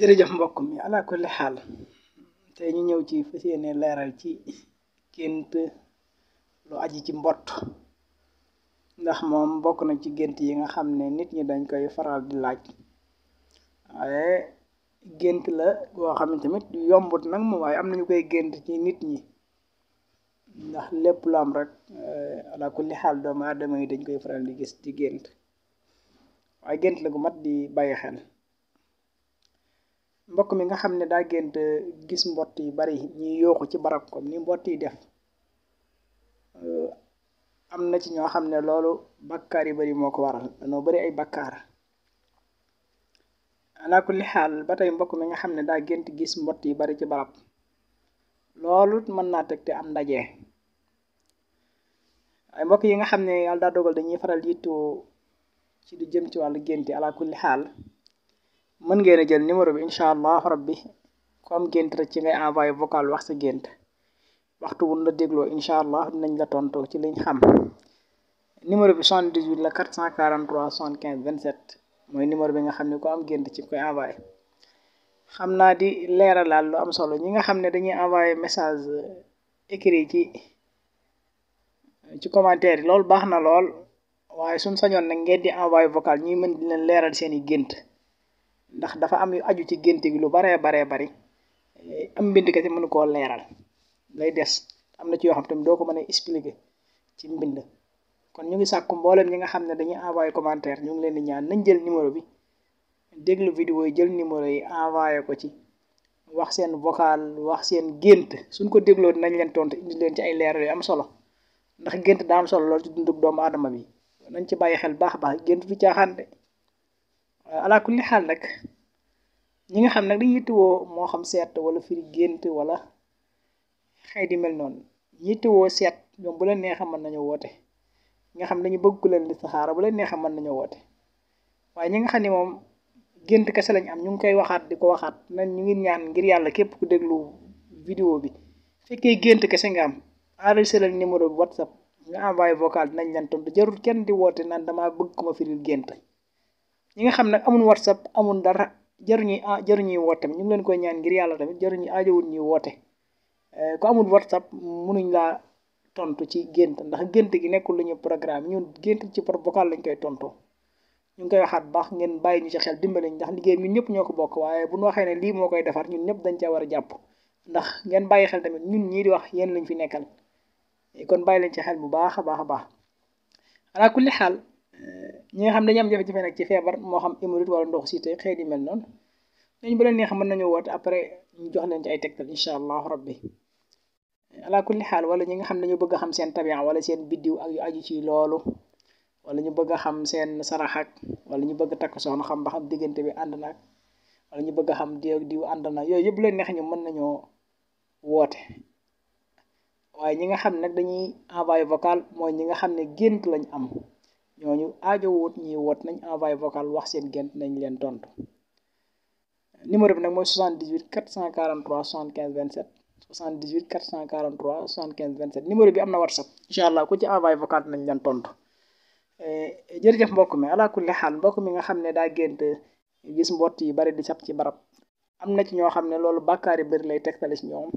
jërëjëf mbokk mi ala kulli xaal tey ñu ñëw ci fas yéene leeral ci gént lu aji ci mbott ndax moom mbokk na ci gént yi nga xam ne nit ñi dañ koy faral di laaj waaye gént la boo xam ne tamit yombut nag moom waaye am nañu koy gént ci nit ñi ndax lépp lu am rek eh, ala kulli xaal doomu aadama yi dañ koy faral di gis di gént waaye gént la gu mat di bàyyi xel mbokk mi nga xamne da daa gént gis mbott yi bari ñuy yooxu ci barap ko ni mbott yi def euh amna ci ño xamne lolu bakkar yi bari moko waral danoo bari ay bakkar ala kulli hal batay mbokk mi nga xamne da daa gént gis mbott yi bari ci barap lolu man na teg te am ndaje ay mbokk yi nga xamne yalla da dogal dañuy faral yittu ci du jëm ci walu génte ala kulli hal mën ngeen a jël numéro bi incha allah rabbi ku am gént rek ci ngay envoyé vocal wax sa gént waxtu wun la dégloo incha allah dinañ la tontoo ci lañ xam numéro bi 78 la 443 75 27 mooy numéro bi nga xam ne ku am gént ci koy envoyé xam naa di leeral laal lu am solo ñi nga xam ne dañuy envoyé message euh, écrit ci ci commentaire yi loolu baax na lool waaye suñ sañoon nag ngeen di envoyé vocal ñi mën di leen leeral seen i gént ndax dafa am yu aju ci gént gi lu baree baree bari am mbind kese mënu koo leeral lay des am na ci yoo xam tamit doo ko mën a expliquer ci mbind kon ñu ngi sàkku mbooleen ñi nga xam ne dañuy envoyé commentaire ñu ngi leen di ñaan nañ jël numéro bi déglu vidéo yi jël numéro yi envoyé ko ci wax seen vocal wax seen gént suñ ko dégloo dinañ leen tontu indi leen ci ay leeral yu am solo ndax gént daa am solo loolu ci dundub doomu aadama bi nañ ci bàyyi xel baax baax gént du caaxaan ala kulli xaal nag ñi nga xam nag dañuy yittewoo moo xam seet wala firi gént wala xëy di mel noonu yittewoo seet ñoom bu leen neexee mën nañoo woote nga xam dañu bëgg ku leen listixaara bu leen neexee mën nañoo woote waaye ñi nga xam ne moom gént kese lañ am ñu ngi koy waxaat di ko waxaat nañ ñu ngi ñaan ngir yàlla képp ku déglu vidéo bi fekkee gént kese nga am enregistré leen numéro bi whatsapp nga envoyé vocal dinañ leen tontu jarul kenn di woote naan dama bëgg ku ma gént ñi nga xam nag amul whatsapp amul dara jaruñuy ah jaruñuy woote tamit ñu ngi leen koy ñaan ngir yàlla tamit jaruñuy aajowul ñuy woote eh, ku amul whatsapp munuñ laa tontu ci gént ndax gént gi nekkul lu programme ñun gént ci par vocal lañ koy tontu ñu ngi koy waxaat baax ngeen bàyyi ñu ci xel dimbali ndax liggéey ñun ñëpp ñoo ko bokk waaye bu ñu waxee ne lii moo koy defar ñun ñëpp dañ cee war jàpp ndax ngeen bàyyi xel tamit ñun ñii di wax yéen lañu fi nekkal eh, kon bàyyi leen ci xel bu baax a baax a baax ala kulli xaal ñi nga xam dañu am jafe-jafe nag ci feebar moo xam hémorroïde wala ndox si xee xëy di mel noonu ñooñu bu leen mën nañu woote après jox leen ay tegtal incha allah rabbi ala kulli xaal wala ñi nga xam dañu bëgg a xam wala seen biddiw ak yu aju ci loolu wala ñu bëgg a xam seen saraxak wala ñu bëgg a takk soxna xam diggante bi ànd na wala ñu bëgg a xam diw diw ànd na yooyu yëpp leen neex ñu mën nañoo woote waaye ñi nga xam nag dañuy envoyé vocal mooy ñi nga xam ne gént lañ am ñooñu aajo wut ñuy woot nañ envoyé vocal wax seen gént nañ leen tontu numéro bi nag mooy 78 443 75 27 78 443 75 27 numéro bi am na whatsapp incha allah ku ci envoyé vocal nañ leen tontu eh, jërëjëf mbokk mi ala kulli xaal mbokk mi nga xam ne daa gént gis mbott yi bari di sab ci barab am na ci ñoo xam ne loolu bàkkaar bari lay tegtale si ñoom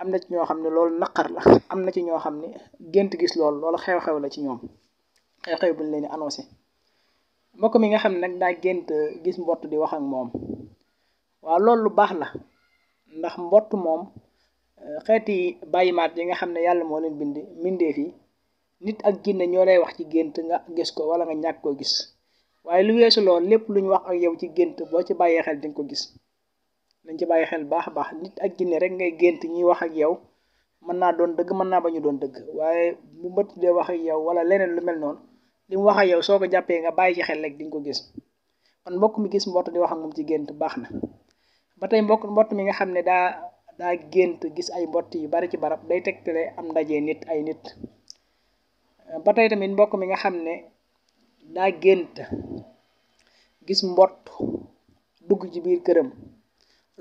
am na ci ñoo xam ne loolu naqar la am na ci ñoo xam ne gént gis loolu loolu xew-xew la ci ñoom xew-xew buñ leen annoncé mbokk mi nga xam ne nag daa gént gis mbott di wax ak moom waaw loolu lu baax la ndax mbott moom euh, xeeti maat yi nga xam ne yàlla moo leen bind mbindeef yi nit ak ginne ñoo lay wax ci gént nga gis ko wala nga ñàkk koo gis waaye lu weesu lool lépp lu ñu wax ak yow ci gént boo ci bàyyee xel dinga ko gis nañ ci bàyyi xel baax a baax nit ak ginne rek ngay gént ñuy wax ak yow mën naa doon dëgg mën naa ba ñu doon dëgg waaye bu mbëtt dee wax ak yow wala leneen lu mel noonu li mu wax yow soko jappé nga bàyyi ci xel rek di nga ko gis kon mbokk mi gis mbott di wax ak moom ci gént baxna batay mbokk mbott mi nga xamné da da daa gis ay mbott yu bari ci barap day tegtale am ndaje nit ay nit batay tamit mbokk mi nga xamné da daa gis mbott dugg ci biir kërëm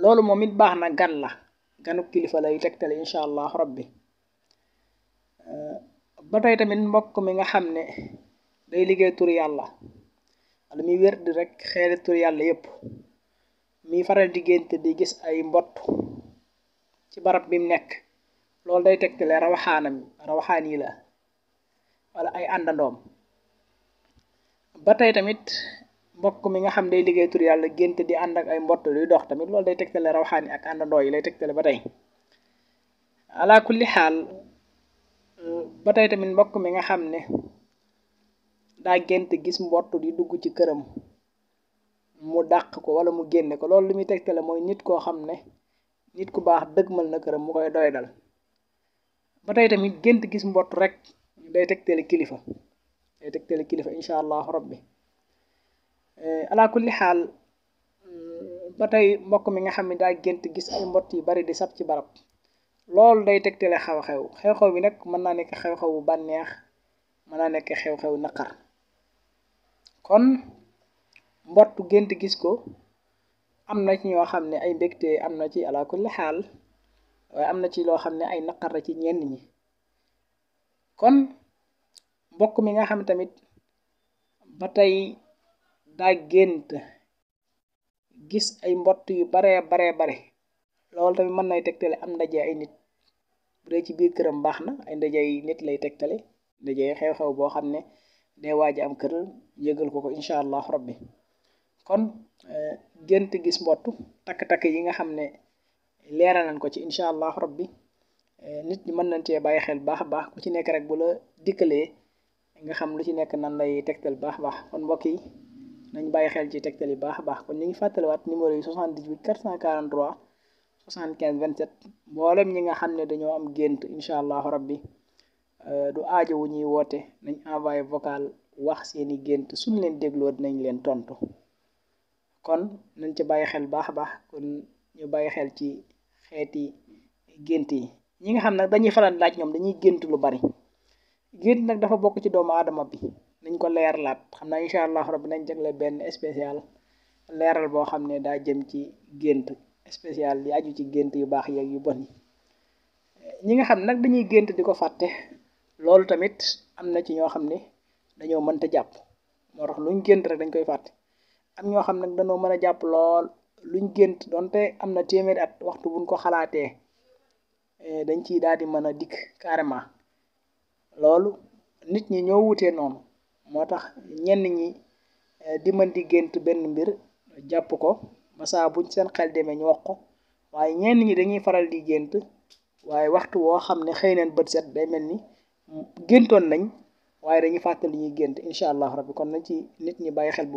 loolu momit baxna gan la ganu kilifa lay tek incha inshallah rabbi batay tamit mbokk mi nga xamné day liggéey tur yàlla wala muy wér di rek xeeri tur yàlla yépp miy faral di gént di gis ay mbott ci barab bi mu nekk loolu day tegtale rawaxaanam rawaxaan yi la walla ay àndandoom ba tey tamit mbokk mi nga xam day liggéey tur yàlla gént di ànd ak ay mbott luy dox tamit lool day tegtale rawaxaan yi ak àndandoo yi lay tegtale ba tey ala kulli xaal ba tey tamit mbokk mi nga xam ne daa gént gis mbott di dugg ci këram mu dàq ko wala mu génne ko loolu lu muy tegtale mooy nit koo xam ne nit ku baax dëgmal na këram mu koy doy dal ba tey tamit gént gis mbott rek day tegtale kilifa day tegtale kilifa incha allahu rabbi eh, alaa kulli xaal mm, ba tey mbokk mi nga xam ne daa gént gis ay mbott yu bari di sab ci barab loolu day tegtale xew-xew xew-xew bi nag mën naa nekk xew-xew bu bànneex mën naa nekk xew-xew naqar kon mbott gént gis ko am na ci ñoo xam ne ay mbégte am na ci ala xaal waaye am na ci loo xam ne ay naqar ci ñenn ñi kon mbokk mi nga xam tamit ba tey daa gént gis ay mbott yu baree baree bare loolu tamit mën nay tegtale am ndaje ay nit bu dee ci biir këram baax na ay ndaje ay nit lay tegtale ndaje xew-xew boo xam ne day waaja am kër yëgal ko ko incha allah rabbi kon eh, gént gis mbott takk-takk yi nga xam ne leeral nañ ko ci incha allah rabbi eh, nit ñi mën nañ cee bàyyi xel baax a baax ku ci nekk rek bu la dikkalee nga xam lu ci nekk nan lay tegtal baax a baax kon mbokk yi nañ bàyyi xel ci tegtal yi baax a baax kon ñu ngi fàttaliwaat numéro yi 78 443 75 27 mboolem ñi nga xam ne dañoo am gént incha allah rabbi Euh, du aajo wu ñuy woote nañ envoyé vocal wax seeni gént suñ leen dégloo dinañ leen tontu kon nañ ca bàyyi xel baax a baax kon ñu bàyyi xel ci xeeti gént yi ñi nga xam nag dañuy faral laaj ñoom dañuy gént lu bari gént nag dafa bokk ci doomu aadama bi nañ ko leer laat xam naa incha allah nañ jagle benn spécial leeral boo xam ne daa jëm ci gént spécial yi ci gént yu baax yeeg yu bon yi ñi nga xam nag dañuy gént di ko fàtte loolu tamit am na ci ñoo xam ne dañoo mënta jàpp moo tax luñ gént dañ koy fàtte am ñoo xam ne dañoo mën a jàpp lool luñ gént donte am na téeméeri at waxtu buñ ko xalaatee eh, dañ ciy daal di mën a dikk carrément loolu nit ñi ñoo wutee noonu moo tax ñenn ñi eh, di mën di gént benn mbir jàpp ko ba buñ seen xel demee ñu wax ko waaye ñenn ñi dañuy faral di gént waaye waxtu woo xam ne xëy neen bët set day mel nii géntoon nañ waaye dañuy fàttali ñuy gént incha allah rabbi kon nañ ci nit ñi bàyyi xel bu